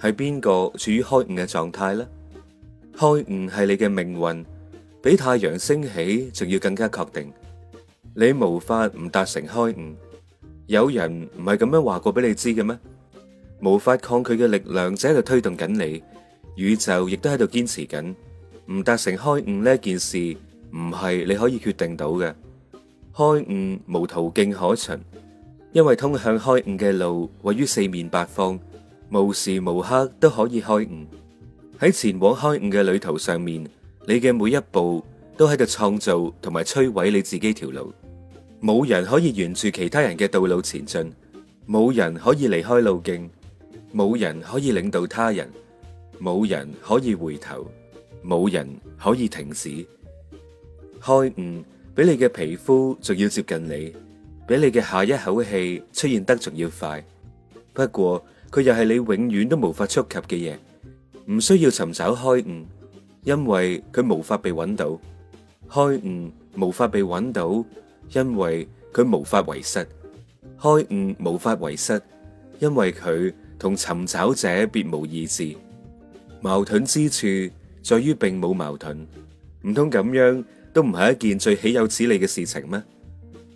係邊個處於開悟嘅狀態咧？開悟係你嘅命運，比太陽升起仲要更加確定。你無法唔達成開悟，有人唔係咁樣話過俾你知嘅咩？無法抗拒嘅力量就喺度推動緊你，宇宙亦都喺度堅持緊，唔達成開悟呢一件事唔係你可以決定到嘅。開悟無途徑可循，因為通向開悟嘅路位於四面八方。無時無刻都可以開悟，喺前往開悟嘅旅途上面，你嘅每一步都喺度創造同埋摧毀你自己條路。冇人可以沿住其他人嘅道路前進，冇人可以離開路徑，冇人可以領導他人，冇人可以回頭，冇人可以停止。開悟比你嘅皮膚仲要接近你，比你嘅下一口氣出現得仲要快。不過，佢又係你永遠都無法觸及嘅嘢，唔需要尋找開悟，因為佢無法被揾到；開悟無法被揾到，因為佢無法遺失；開悟無法遺失，因為佢同尋找者別無二致。矛盾之處在於並冇矛盾，唔通咁樣都唔係一件最豈有此理嘅事情咩？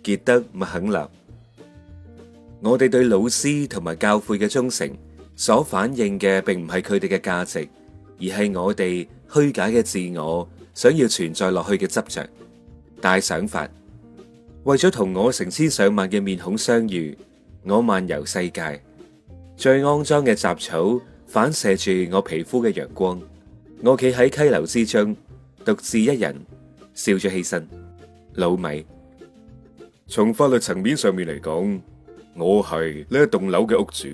傑德麥肯立。我哋對老師同埋教誨嘅忠誠，所反映嘅並唔係佢哋嘅價值，而係我哋虛假嘅自我想要存在落去嘅執着、大想法。為咗同我成千上萬嘅面孔相遇，我漫遊世界，最骯髒嘅雜草反射住我皮膚嘅陽光，我企喺溪流之中，獨自一人笑咗起身。老米，從法律層面上面嚟講。我係呢一棟樓嘅屋主，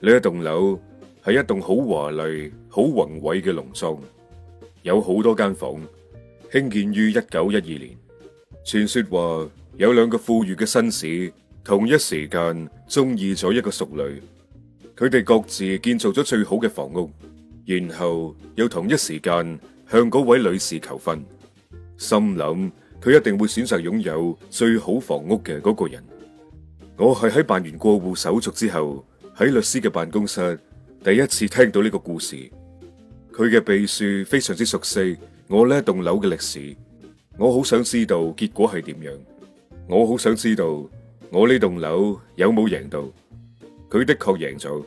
呢一棟樓係一棟好華麗、好宏偉嘅農莊，有好多間房，興建於一九一二年。傳說話有兩個富裕嘅紳士同一時間中意咗一個淑女，佢哋各自建造咗最好嘅房屋，然後又同一時間向嗰位女士求婚，心諗佢一定會選擇擁有最好房屋嘅嗰個人。我係喺辦完過戶手續之後，喺律師嘅辦公室第一次聽到呢個故事。佢嘅秘書非常之熟悉我呢棟樓嘅歷史。我好想知道結果係點樣，我好想知道我呢棟樓有冇贏到。佢的確贏咗，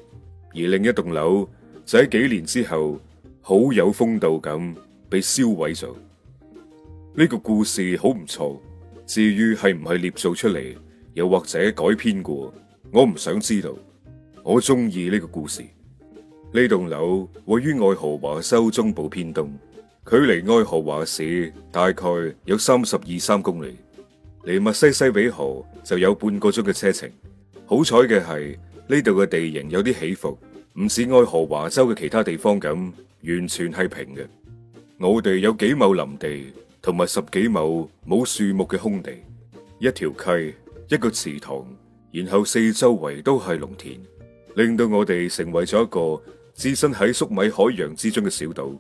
而另一棟樓就喺幾年之後好有風度咁被燒毀咗。呢、這個故事好唔錯，至於係唔係捏造出嚟？又或者改編過，我唔想知道。我中意呢個故事。呢棟樓位於愛荷華州中部偏東，距離愛荷華市大概有三十二三公里，離密西西比河就有半個鐘嘅車程。好彩嘅係呢度嘅地形有啲起伏，唔似愛荷華州嘅其他地方咁完全係平嘅。我哋有幾畝林地，同埋十幾畝冇樹木嘅空地，一條溪。一個池塘，然後四周圍都係農田，令到我哋成為咗一個置身喺粟米海洋之中嘅小島。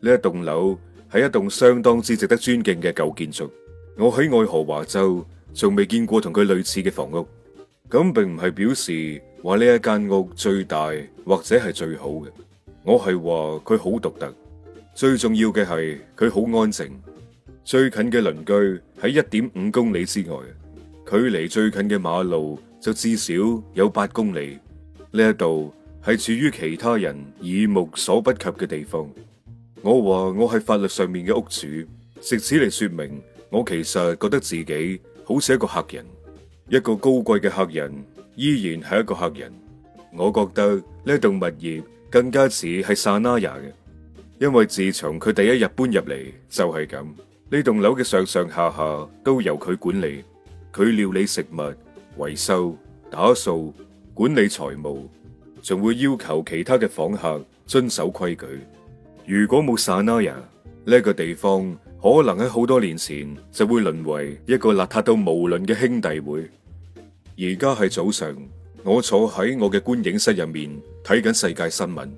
呢一棟樓係一棟相當之值得尊敬嘅舊建築，我喺愛荷華州仲未見過同佢類似嘅房屋。咁並唔係表示話呢一間屋最大或者係最好嘅，我係話佢好獨特。最重要嘅係佢好安靜，最近嘅鄰居喺一點五公里之外。距離最近嘅馬路就至少有八公里。呢一度係處於其他人耳目所不及嘅地方。我話我係法律上面嘅屋主，借此嚟說明，我其實覺得自己好似一個客人，一個高貴嘅客人，依然係一個客人。我覺得呢棟物業更加似係薩那亞嘅，因為自從佢第一日搬入嚟就係、是、咁，呢棟樓嘅上上下下都由佢管理。佢料理食物、維修、打掃、管理財務，仲會要求其他嘅訪客遵守規矩。如果冇 Sanaya，呢個地方，可能喺好多年前就會淪為一個邋遢到無論嘅兄弟會。而家係早上，我坐喺我嘅觀影室入面睇緊世界新聞。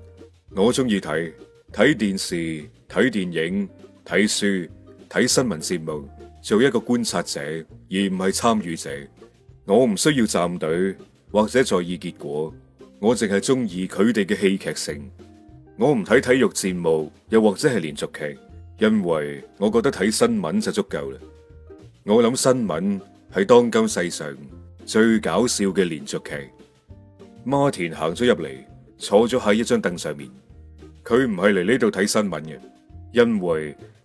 我中意睇睇電視、睇電影、睇書、睇新聞節目。做一個觀察者而唔係參與者，我唔需要站隊或者在意結果，我淨係中意佢哋嘅戲劇性。我唔睇體育節目又或者係連續劇，因為我覺得睇新聞就足夠啦。我諗新聞係當今世上最搞笑嘅連續劇。馬田行咗入嚟，坐咗喺一張凳上面，佢唔係嚟呢度睇新聞嘅，因為。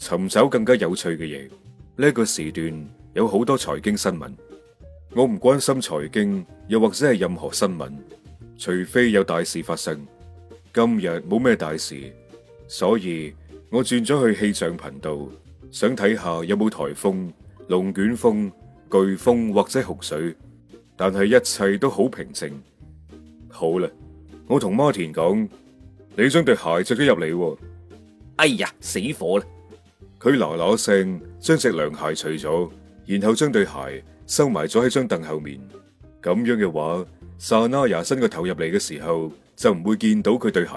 尋找更加有趣嘅嘢。呢、這個時段有好多財經新聞，我唔關心財經，又或者係任何新聞，除非有大事發生。今日冇咩大事，所以我轉咗去氣象頻道，想睇下有冇台風、龍捲風、颶風或者洪水。但係一切都好平靜。好啦，我同馬田講，你將對鞋着咗入嚟喎。哎呀，死火啦！佢嗱嗱聲將隻涼鞋除咗，然後將對鞋收埋咗喺張凳後面。咁樣嘅話，薩那 a 伸個頭入嚟嘅時候就唔會見到佢對鞋。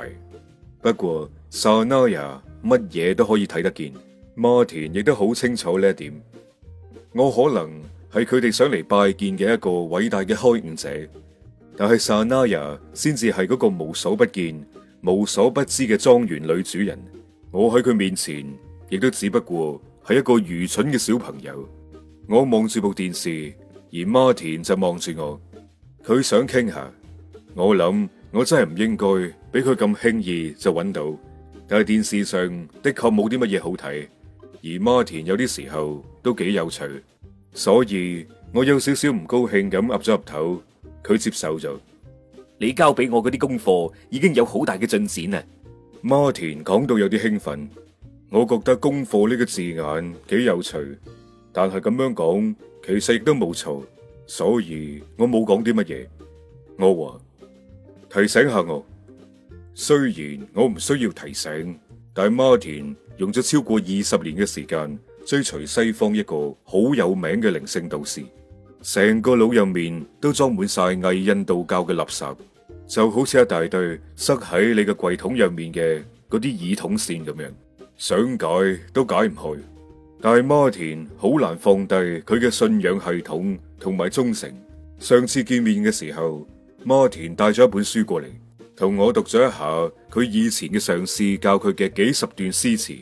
不過薩那 a 乜嘢都可以睇得見，馬田亦都好清楚呢一點。我可能係佢哋想嚟拜見嘅一個偉大嘅開悟者，但係薩那 a 先至係嗰個無所不見、無所不知嘅莊園女主人。我喺佢面前。亦都只不過係一個愚蠢嘅小朋友。我望住部電視，而馬田就望住我。佢想傾下，我諗我真係唔應該俾佢咁輕易就揾到。但係電視上的確冇啲乜嘢好睇，而馬田有啲時候都幾有趣，所以我有少少唔高興咁岌咗岌頭。佢接受咗。你交俾我嗰啲功課已經有好大嘅進展啦。馬田講到有啲興奮。我覺得功課呢個字眼幾有趣，但係咁樣講其實亦都冇錯，所以我冇講啲乜嘢。我話提醒下我，雖然我唔需要提醒，但係馬田用咗超過二十年嘅時間追隨西方一個好有名嘅靈性導師，成個腦入面都裝滿晒偽印度教嘅垃圾，就好似一大堆塞喺你嘅櫃桶入面嘅嗰啲耳筒綫咁樣。想解都解唔去，但係馬田好難放低佢嘅信仰系統同埋忠誠。上次見面嘅時候，馬田帶咗一本書過嚟，同我讀咗一下佢以前嘅上師教佢嘅幾十段詩詞。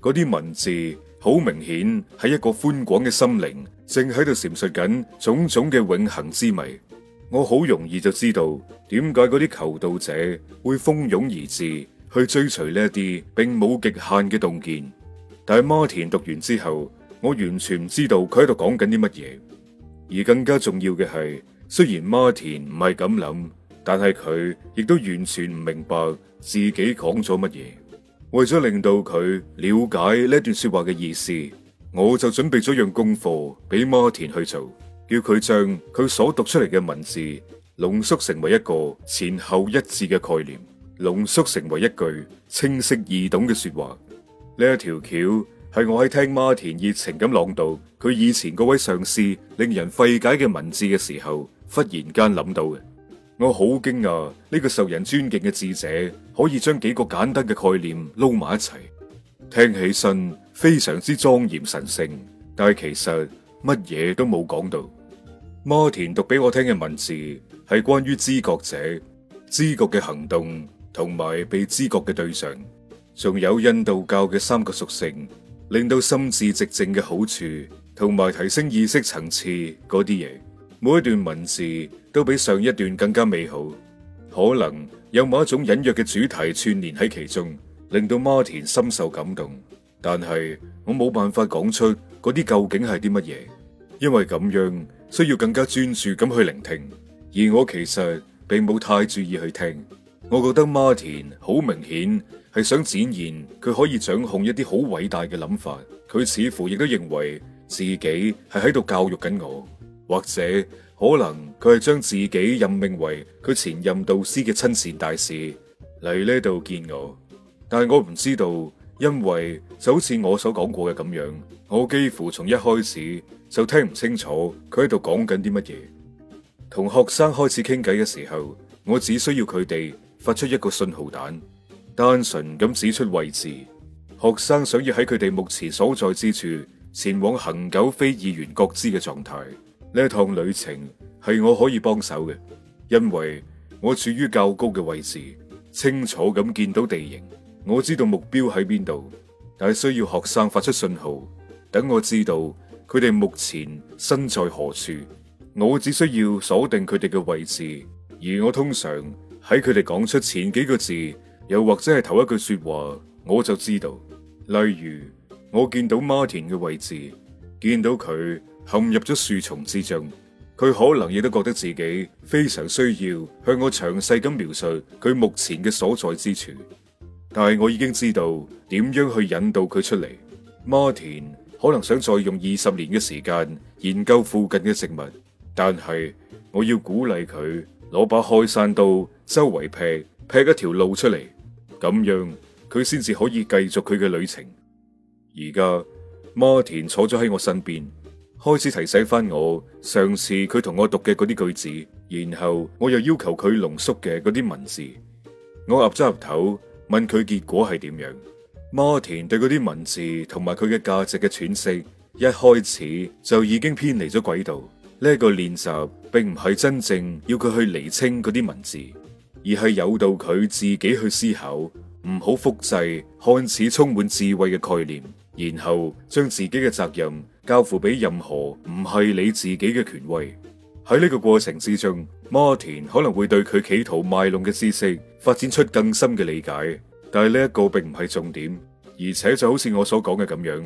嗰啲文字好明顯係一個寬廣嘅心靈，正喺度闡述緊種種嘅永恆之謎。我好容易就知道點解嗰啲求道者會蜂擁而至，去追隨呢一啲並冇極限嘅洞見，但係 Martin 讀完之後，我完全唔知道佢喺度講緊啲乜嘢。而更加重要嘅係，雖然 m a Martin 唔係咁諗，但係佢亦都完全唔明白自己講咗乜嘢。為咗令到佢了解呢段說話嘅意思，我就準備咗樣功課俾 Martin 去做，叫佢將佢所讀出嚟嘅文字濃縮成為一個前後一致嘅概念，濃縮成為一句清晰易懂嘅說話。呢一條橋係我喺聽馬田熱情咁朗讀佢以前嗰位上司令人費解嘅文字嘅時候，忽然間諗到嘅。我好驚訝呢個受人尊敬嘅智者可以將幾個簡單嘅概念撈埋一齊，聽起身非常之莊嚴神聖，但係其實乜嘢都冇講到。馬田讀俾我聽嘅文字係關於知覺者知覺嘅行動。同埋被知覺嘅對象，仲有印度教嘅三個屬性，令到心智寂靜嘅好處，同埋提升意識層次嗰啲嘢。每一段文字都比上一段更加美好，可能有某一種隱約嘅主題串聯喺其中，令到馬田深受感動。但係我冇辦法講出嗰啲究竟係啲乜嘢？因為咁樣需要更加專注咁去聆聽，而我其實並冇太注意去聽。我覺得馬丁好明顯係想展現佢可以掌控一啲好偉大嘅諗法，佢似乎亦都認為自己係喺度教育緊我，或者可能佢係將自己任命為佢前任導師嘅親善大使嚟呢度見我，但係我唔知道，因為就好似我所講過嘅咁樣，我幾乎從一開始就聽唔清楚佢喺度講緊啲乜嘢。同學生開始傾偈嘅時候，我只需要佢哋。發出一個信號彈，單純咁指出位置。學生想要喺佢哋目前所在之處前往恆久非二元覺知嘅狀態。呢趟旅程係我可以幫手嘅，因為我處於較高嘅位置，清楚咁見到地形。我知道目標喺邊度，但係需要學生發出信號，等我知道佢哋目前身在何處。我只需要鎖定佢哋嘅位置，而我通常。喺佢哋講出前幾個字，又或者係頭一句說話，我就知道。例如，我見到馬田嘅位置，見到佢陷入咗樹叢之中，佢可能亦都覺得自己非常需要向我詳細咁描述佢目前嘅所在之處。但係我已經知道點樣去引導佢出嚟。馬田可能想再用二十年嘅時間研究附近嘅植物，但係我要鼓勵佢攞把開山刀。周圍劈劈一條路出嚟，咁樣佢先至可以繼續佢嘅旅程。而家馬田坐咗喺我身邊，開始提醒翻我上次佢同我讀嘅嗰啲句子，然後我又要求佢濃縮嘅嗰啲文字。我岌咗岌頭，問佢結果係點樣？馬田對嗰啲文字同埋佢嘅價值嘅詮釋，一開始就已經偏離咗軌道。呢個練習並唔係真正要佢去厘清嗰啲文字。而係誘導佢自己去思考，唔好複製看似充滿智慧嘅概念，然後將自己嘅責任交付俾任何唔係你自己嘅權威。喺呢個過程之中，馬田可能會對佢企圖賣弄嘅知識發展出更深嘅理解，但係呢一個並唔係重點。而且就好似我所講嘅咁樣，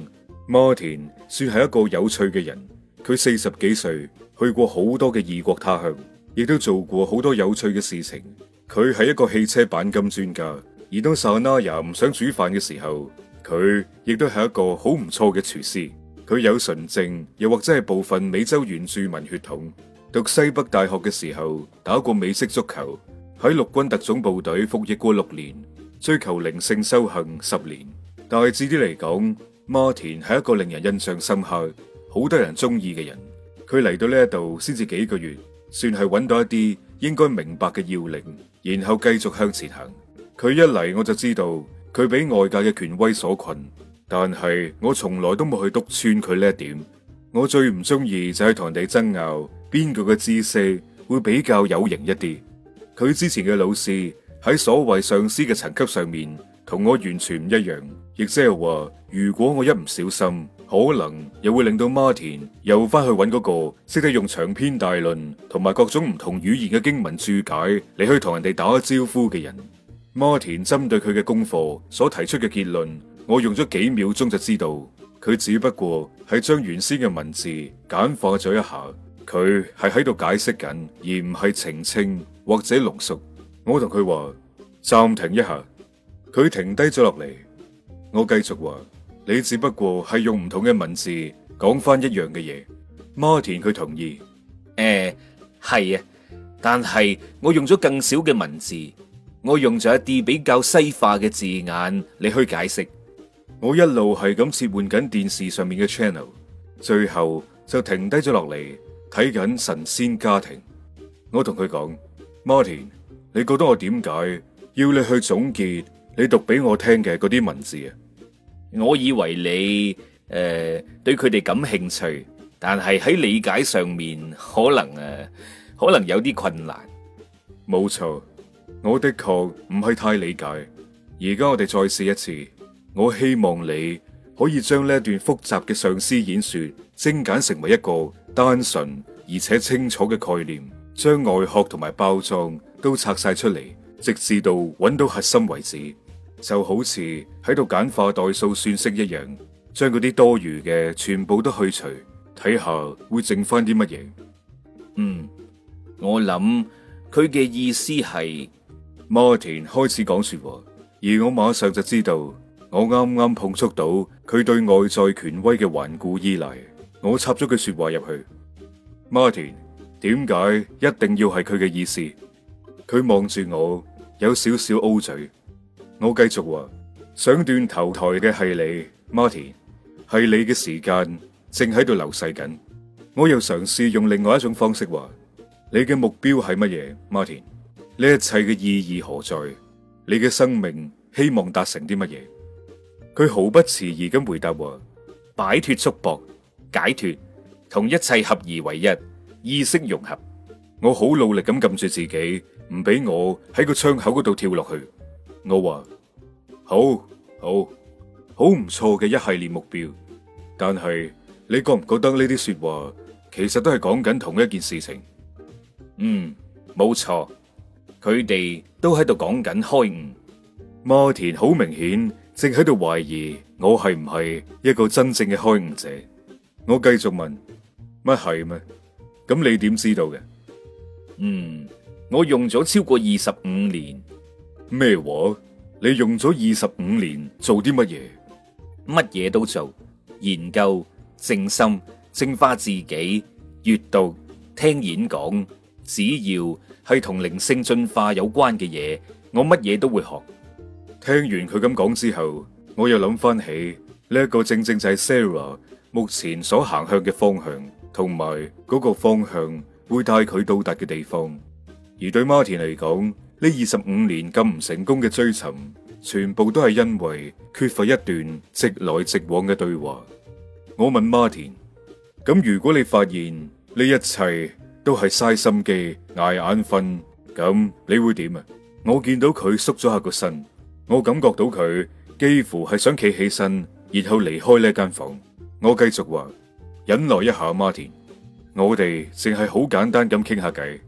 馬田算係一個有趣嘅人。佢四十幾歲，去過好多嘅異國他鄉，亦都做過好多有趣嘅事情。.佢係一個汽車鈑金專家，而當薩那亞唔想煮飯嘅時候，佢亦都係一個好唔錯嘅廚師。佢有純正，又或者係部分美洲原住民血統。讀西北大學嘅時候，打過美式足球，喺陸軍特種部隊服役過六年，追求靈性修行十年。大致啲嚟講，馬田係一個令人印象深刻、好多人中意嘅人。佢嚟到呢一度先至幾個月，算係揾到一啲應該明白嘅要領。然後繼續向前行。佢一嚟，我就知道佢俾外界嘅權威所困，但係我從來都冇去督穿佢呢一點。我最唔中意就係同人哋爭拗，邊個嘅姿勢會比較有型一啲。佢之前嘅老師喺所謂上司嘅層級上面，同我完全唔一樣。亦即係話，如果我一唔小心。可能又會令到 Martin 又翻去揾嗰個識得用長篇大論同埋各種唔同語言嘅經文注解你去同人哋打個招呼嘅人。Martin 針對佢嘅功課所提出嘅結論，我用咗幾秒鐘就知道佢只不過係將原先嘅文字簡化咗一下。佢係喺度解釋緊，而唔係澄清或者濃縮。我同佢話暫停一下，佢停低咗落嚟，我繼續話。你只不過係用唔同嘅文字講翻一樣嘅嘢，Martin 佢同意。誒、呃，係啊，但係我用咗更少嘅文字，我用咗一啲比較西化嘅字眼你去解釋。我一路係咁切換緊電視上面嘅 channel，最後就停低咗落嚟睇緊《神仙家庭》我。我同佢講，Martin，你覺得我點解要你去總結你讀俾我聽嘅嗰啲文字啊？我以為你，誒、呃、對佢哋感興趣，但係喺理解上面可能誒、啊、可能有啲困難。冇錯，我的確唔係太理解。而家我哋再試一次，我希望你可以將呢一段複雜嘅上司演說精簡成為一個單純而且清楚嘅概念，將外殼同埋包裝都拆晒出嚟，直至到揾到核心為止。就好似喺度簡化代數算式一樣，將嗰啲多餘嘅全部都去除，睇下會剩翻啲乜嘢。嗯，我諗佢嘅意思係，Martin 開始講說話，而我馬上就知道我啱啱碰觸到佢對外在權威嘅頑固依賴。我插咗句說話入去，Martin，點解一定要係佢嘅意思？佢望住我，有少少 O 嘴。我繼續話，想斷頭台嘅係你，Martin，係你嘅時間正喺度流逝緊。我又嘗試用另外一種方式話，你嘅目標係乜嘢，Martin？呢一切嘅意義何在？你嘅生命希望達成啲乜嘢？佢毫不遲疑咁回答話：擺脱束縛，解脱，同一切合而為一，意識融合。我好努力咁撳住自己，唔俾我喺個窗口嗰度跳落去。我話，好好好，唔錯嘅一系列目標，但係你覺唔覺得呢啲說話其實都係講緊同一件事情？嗯，冇錯，佢哋都喺度講緊開悟。馬田好明顯正喺度懷疑我係唔係一個真正嘅開悟者。我繼續問乜係咩？咁你點知道嘅？嗯，我用咗超過二十五年。咩話？你用咗二十五年做啲乜嘢？乜嘢都做，研究、靜心、淨化自己、閱讀、聽演講，只要係同靈性進化有關嘅嘢，我乜嘢都會學。聽完佢咁講之後，我又諗翻起呢一個正正就係 Sarah 目前所行向嘅方向，同埋嗰個方向會帶佢到達嘅地方。而對 Martin 嚟講，呢二十五年咁唔成功嘅追尋，全部都係因為缺乏一段直來直往嘅對話。我問馬丁：咁如果你發現呢一切都係嘥心機、捱眼瞓，咁你會點啊？我見到佢縮咗下個身，我感覺到佢幾乎係想企起身，然後離開呢一間房。我繼續話：忍耐一下，馬丁，我哋淨係好簡單咁傾下偈。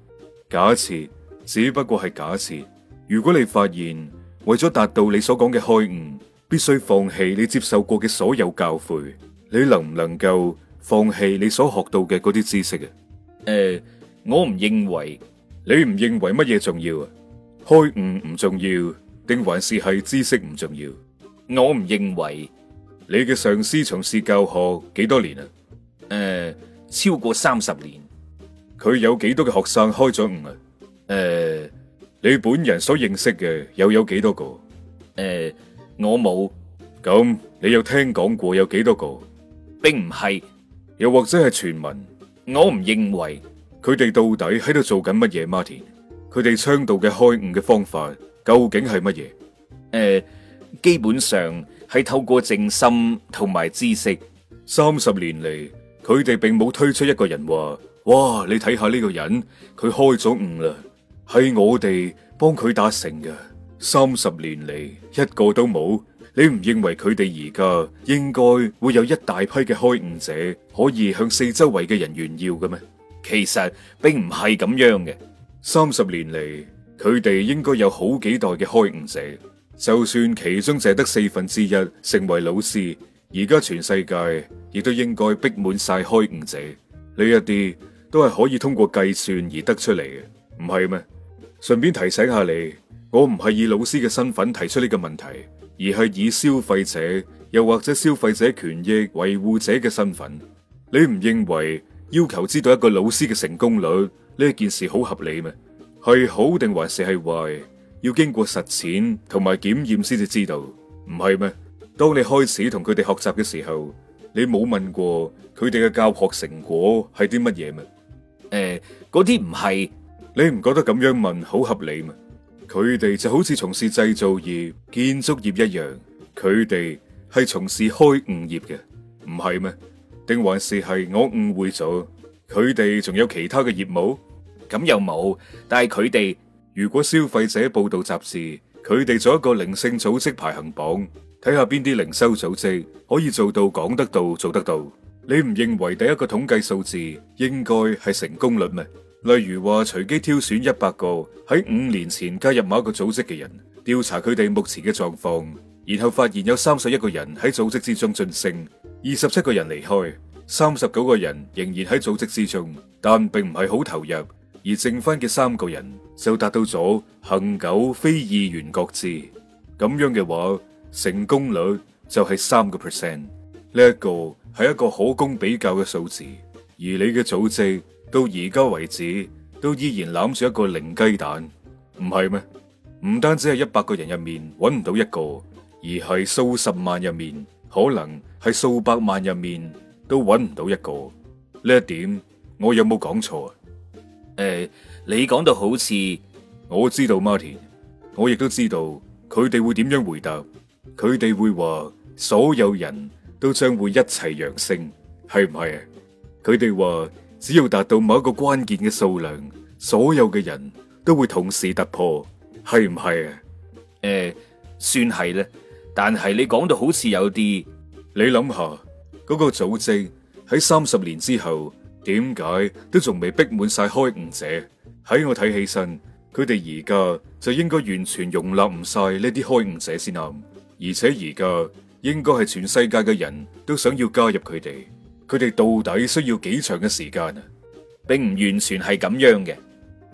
假設只不過係假設，如果你發現為咗達到你所講嘅開悟，必須放棄你接受過嘅所有教誨，你能唔能夠放棄你所學到嘅嗰啲知識啊？誒、呃，我唔認為。你唔認為乜嘢重要啊？開悟唔重要定還是係知識唔重要？我唔認為。你嘅上司從事教學幾多年啊？誒、呃，超過三十年。佢有幾多嘅學生開咗悟啊？誒，uh, 你本人所認識嘅又有幾多個？誒，uh, 我冇。咁你有聽講過有幾多個？並唔係，又或者係傳聞。我唔認為。佢哋到底喺度做緊乜嘢，Martin？佢哋倡導嘅開悟嘅方法究竟係乜嘢？誒，uh, 基本上係透過靜心同埋知識。三十年嚟，佢哋並冇推出一個人話：哇，你睇下呢個人，佢開咗悟啦。係我哋幫佢達成嘅。三十年嚟，一個都冇，你唔認為佢哋而家應該會有一大批嘅開悟者可以向四周圍嘅人炫耀嘅咩？其實並唔係咁樣嘅。三十年嚟，佢哋應該有好幾代嘅開悟者，就算其中淨係得四分之一成為老師，而家全世界亦都應該逼滿晒開悟者。呢一啲都係可以通過計算而得出嚟嘅，唔係咩？順便提醒下你，我唔係以老師嘅身份提出呢個問題，而係以消費者又或者消費者權益維護者嘅身份。你唔認為要求知道一個老師嘅成功率呢件事好合理咩？係好定還是係壞？要經過實踐同埋檢驗先至知道，唔係咩？當你開始同佢哋學習嘅時候，你冇問過佢哋嘅教學成果係啲乜嘢咩？誒、呃，嗰啲唔係。你唔覺得咁樣問好合理嗎？佢哋就好似從事製造業、建築業一樣，佢哋係從事開悟業嘅，唔係咩？定還是係我誤會咗？佢哋仲有其他嘅業務？咁又冇？但係佢哋如果消費者報道雜誌，佢哋做一個靈性組織排行榜，睇下邊啲靈修組織可以做到講得到、做得到？你唔認為第一個統計數字應該係成功率咩？例如話，隨機挑選一百個喺五年前加入某一個組織嘅人，調查佢哋目前嘅狀況，然後發現有三十一個人喺組織之中晉升，二十七個人離開，三十九個人仍然喺組織之中，但並唔係好投入，而剩翻嘅三個人就達到咗恒久非意願覺知。咁樣嘅話，成功率就係三個 percent，呢一個係一個可供比較嘅數字，而你嘅組織。到而家為止，都依然攬住一個零雞蛋，唔係咩？唔單止係一百個人入面揾唔到一個，而係數十萬入面，可能係數百萬入面都揾唔到一個。呢一點我有冇講錯啊？誒，你講到好似，我知道，Martin，我亦都知道佢哋會點樣回答。佢哋會話所有人都將會一齊揚升，係唔係？佢哋話。只要達到某一個關鍵嘅數量，所有嘅人都會同時突破，係唔係啊？誒、呃，算係咧，但係你講到好似有啲，你諗下嗰個組織喺三十年之後點解都仲未逼滿晒開悟者？喺我睇起身，佢哋而家就應該完全容納唔晒呢啲開悟者先啱，而且而家應該係全世界嘅人都想要加入佢哋。佢哋到底需要幾長嘅時間啊？並唔完全係咁樣嘅，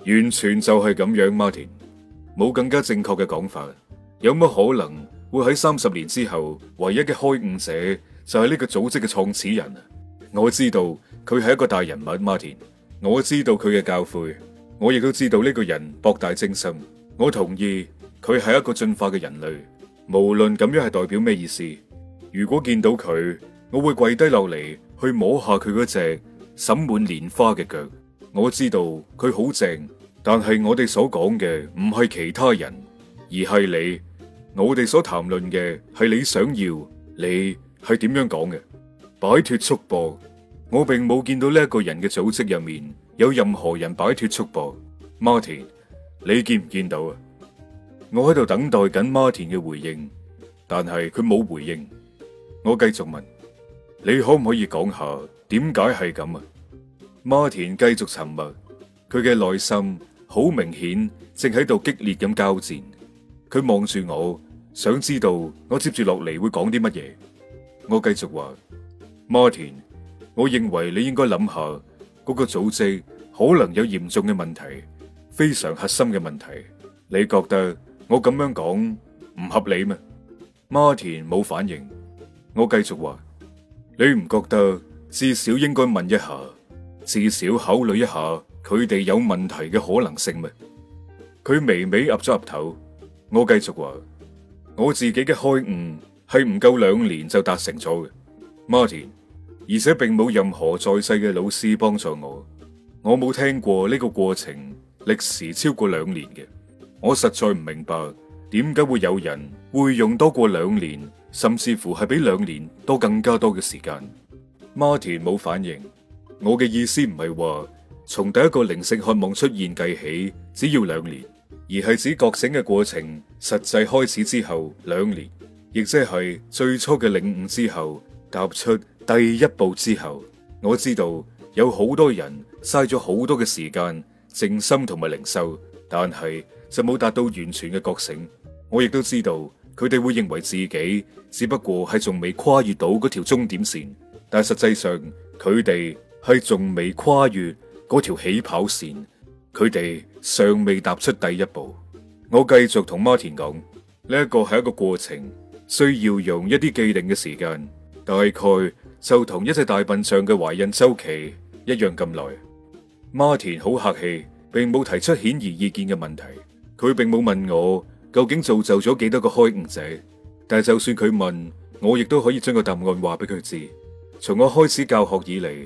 完全就係咁樣，Martin。冇更加正確嘅講法。有乜可能會喺三十年之後，唯一嘅開悟者就係呢個組織嘅創始人啊？我知道佢係一個大人物，Martin。我知道佢嘅教誨，我亦都知道呢個人博大精深。我同意佢係一個進化嘅人類，無論咁樣係代表咩意思。如果見到佢，我會跪低落嚟。去摸下佢嗰隻滲滿蓮花嘅腳，我知道佢好正，但係我哋所講嘅唔係其他人，而係你。我哋所談論嘅係你想要，你係點樣講嘅？擺脫束縛，我並冇見到呢一個人嘅組織入面有任何人擺脫束縛。Martin，你見唔見到啊？我喺度等待緊 Martin 嘅回應，但係佢冇回應，我繼續問。你可唔可以講下點解係咁啊？馬田繼續沉默，佢嘅內心好明顯正喺度激烈咁交戰。佢望住我，想知道我接住落嚟會講啲乜嘢。我繼續話，馬田，我認為你應該諗下嗰個組織可能有嚴重嘅問題，非常核心嘅問題。你覺得我咁樣講唔合理咩？馬田冇反應。我繼續話。你唔覺得至少應該問一下，至少考慮一下佢哋有問題嘅可能性咩？佢微微岌咗岌頭，我繼續話：我自己嘅開悟係唔夠兩年就達成咗嘅，Martin, 而且並冇任何在世嘅老師幫助我，我冇聽過呢個過程歷時超過兩年嘅，我實在唔明白點解會有人會用多過兩年。甚至乎係比兩年多更加多嘅時間。Martin 冇反應。我嘅意思唔係話從第一個靈性渴望出現計起，只要兩年，而係指覺醒嘅過程實際開始之後兩年，亦即係最初嘅領悟之後踏出第一步之後。我知道有好多人嘥咗好多嘅時間靜心同埋靈修，但係就冇達到完全嘅覺醒。我亦都知道。佢哋會認為自己只不過係仲未跨越到嗰條終點線，但係實際上佢哋係仲未跨越嗰條起跑線，佢哋尚未踏出第一步。我繼續同馬田講，呢一個係一個過程，需要用一啲既定嘅時間，大概就同一隻大笨象嘅懷孕週期一樣咁耐。馬田好客氣，並冇提出顯而易見嘅問題，佢並冇問我。究竟造就咗幾多個開悟者？但係就算佢問我，亦都可以將個答案話俾佢知。從我開始教學以嚟，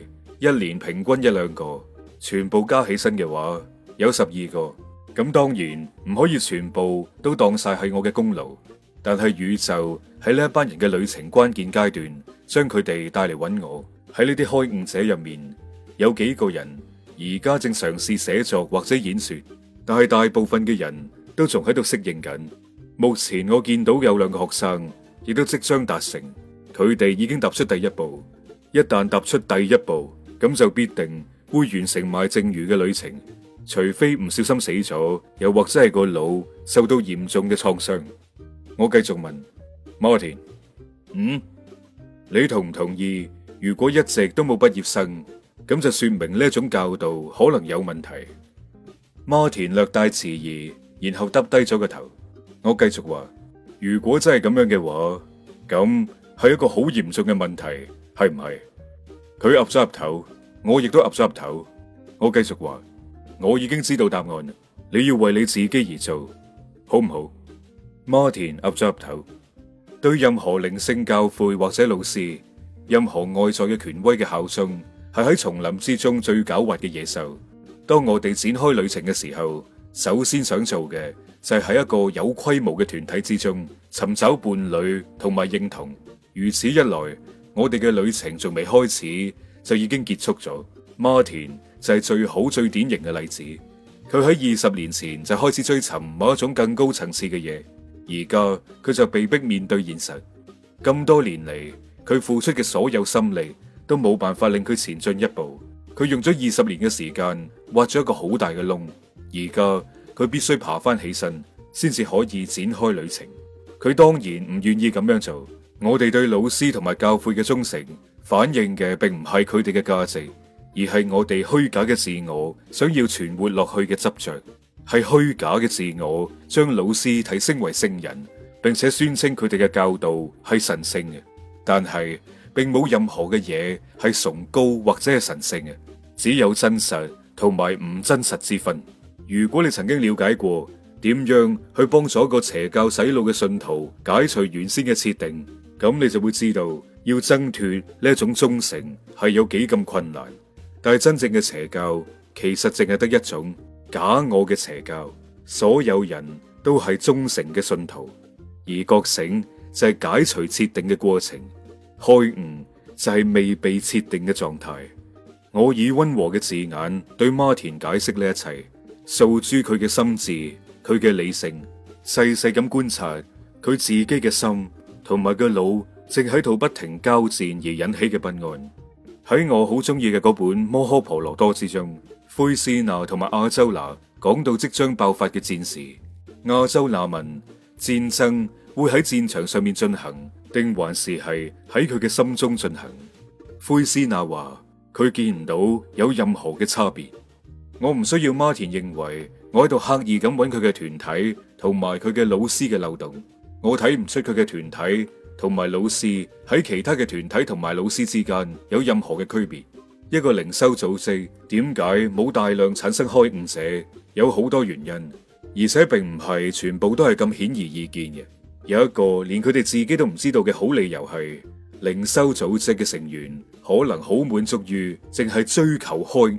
一年平均一兩個，全部加起身嘅話有十二個。咁當然唔可以全部都當晒係我嘅功勞。但係宇宙喺呢一班人嘅旅程關鍵階段，將佢哋帶嚟揾我。喺呢啲開悟者入面，有幾個人而家正嘗試寫作或者演說，但係大部分嘅人。都仲喺度適應緊。目前我見到有兩個學生，亦都即將達成。佢哋已經踏出第一步，一旦踏出第一步，咁就必定會完成埋剩餘嘅旅程，除非唔小心死咗，又或者係個腦受到嚴重嘅創傷。我繼續問 Martin：嗯，你同唔同意？如果一直都冇畢業生，咁就說明呢一種教導可能有問題。Martin 略帶遲疑。然後耷低咗個頭，我繼續話：如果真係咁樣嘅話，咁係一個好嚴重嘅問題，係唔係？佢岌咗岌頭，我亦都岌咗岌頭。我繼續話：我已經知道答案，你要為你自己而做，好唔好？Martin 岌咗岌頭，對任何靈性教誨或者老師，任何外在嘅權威嘅效忠，係喺叢林之中最狡猾嘅野獸。當我哋展開旅程嘅時候。首先想做嘅就係、是、喺一個有規模嘅團體之中尋找伴侶同埋認同，如此一來，我哋嘅旅程仲未開始就已經結束咗。m a 馬田就係最好最典型嘅例子，佢喺二十年前就開始追尋某一種更高層次嘅嘢，而家佢就被迫面對現實。咁多年嚟，佢付出嘅所有心力都冇辦法令佢前進一步，佢用咗二十年嘅時間挖咗一個好大嘅窿。而家佢必須爬翻起身，先至可以展開旅程。佢當然唔願意咁樣做。我哋對老師同埋教誨嘅忠誠，反映嘅並唔係佢哋嘅價值，而係我哋虛假嘅自我想要存活落去嘅執着，係虛假嘅自我將老師提升為聖人，並且宣稱佢哋嘅教導係神聖嘅。但係並冇任何嘅嘢係崇高或者係神聖嘅，只有真實同埋唔真實之分。如果你曾經了解過點樣去幫助一個邪教洗腦嘅信徒解除原先嘅設定，咁你就會知道要掙脫呢一種忠誠係有幾咁困難。但係真正嘅邪教其實淨係得一種假我嘅邪教，所有人都係忠誠嘅信徒，而覺醒就係解除設定嘅過程，開悟就係未被設定嘅狀態。我以溫和嘅字眼對馬田解釋呢一切。訴諸佢嘅心智，佢嘅理性，細細咁觀察佢自己嘅心同埋個腦，正喺度不停交戰而引起嘅不安。喺我好中意嘅嗰本《摩訶婆羅多》之中，灰斯娜同埋阿周那講到即將爆發嘅戰事，阿周那問戰爭會喺戰場上面進行，定還是係喺佢嘅心中進行？灰斯娜話佢見唔到有任何嘅差別。我唔需要 Martin 認為我喺度刻意咁揾佢嘅團體同埋佢嘅老師嘅漏洞。我睇唔出佢嘅團體同埋老師喺其他嘅團體同埋老師之間有任何嘅區別。一個靈修組織點解冇大量產生開悟者？有好多原因，而且並唔係全部都係咁顯而易見嘅。有一個連佢哋自己都唔知道嘅好理由係，靈修組織嘅成員可能好滿足於淨係追求開悟。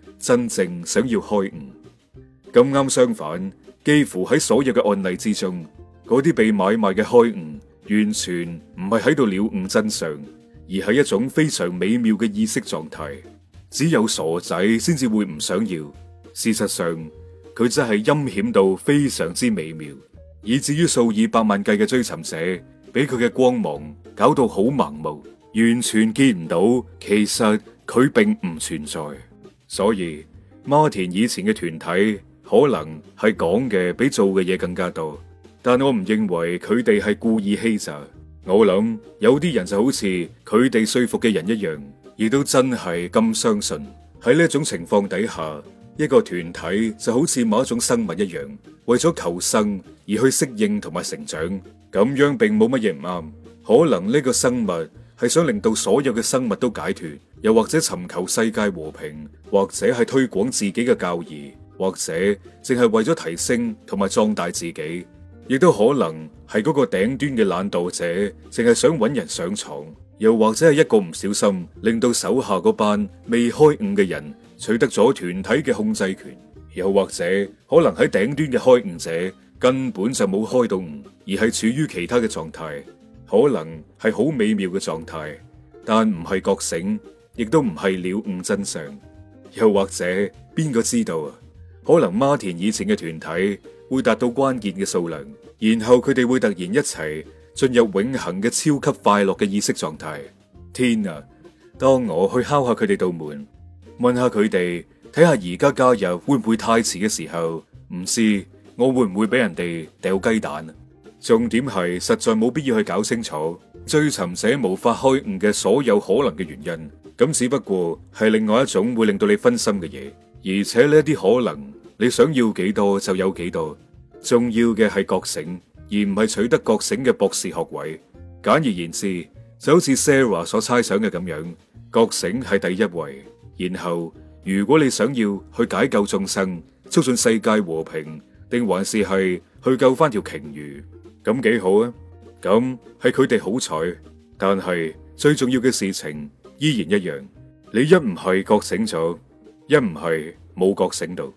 真正想要開悟，咁啱相反，幾乎喺所有嘅案例之中，嗰啲被買賣嘅開悟，完全唔係喺度了悟真相，而係一種非常美妙嘅意識狀態。只有傻仔先至會唔想要。事實上，佢真係陰險到非常之美妙，以至於數以百萬計嘅追尋者，俾佢嘅光芒搞到好盲目，完全見唔到，其實佢並唔存在。所以，Martin 以前嘅團體可能係講嘅比做嘅嘢更加多，但我唔認為佢哋係故意欺詐。我諗有啲人就好似佢哋說服嘅人一樣，亦都真係咁相信。喺呢一種情況底下，一個團體就好似某一種生物一樣，為咗求生而去適應同埋成長，咁樣並冇乜嘢唔啱。可能呢個生物係想令到所有嘅生物都解脫。又或者尋求世界和平，或者係推廣自己嘅教義，或者淨係為咗提升同埋壯大自己，亦都可能係嗰個頂端嘅懶惰者，淨係想揾人上床，又或者係一個唔小心令到手下嗰班未開悟嘅人取得咗團體嘅控制權，又或者可能喺頂端嘅開悟者根本就冇開到悟，而係處於其他嘅狀態，可能係好美妙嘅狀態，但唔係覺醒。亦都唔係了悟真相，又或者邊個知道啊？可能馬田以前嘅團體會達到關鍵嘅數量，然後佢哋會突然一齊進入永恆嘅超級快樂嘅意識狀態。天啊！當我去敲下佢哋道門，問下佢哋，睇下而家加入會唔會太遲嘅時候，唔知我會唔會俾人哋掉雞蛋啊？重點係實在冇必要去搞清楚追尋者無法開悟嘅所有可能嘅原因。咁只不過係另外一種會令到你分心嘅嘢，而且呢啲可能你想要幾多就有幾多。重要嘅係覺醒，而唔係取得覺醒嘅博士學位。簡而言之，就好似 Sarah 所猜想嘅咁樣，覺醒係第一位。然後如果你想要去解救眾生，促進世界和平，定還是係去救翻條鯨魚，咁幾好啊？咁係佢哋好彩，但係最重要嘅事情。依然一樣，你一唔係覺醒咗，一唔係冇覺醒到。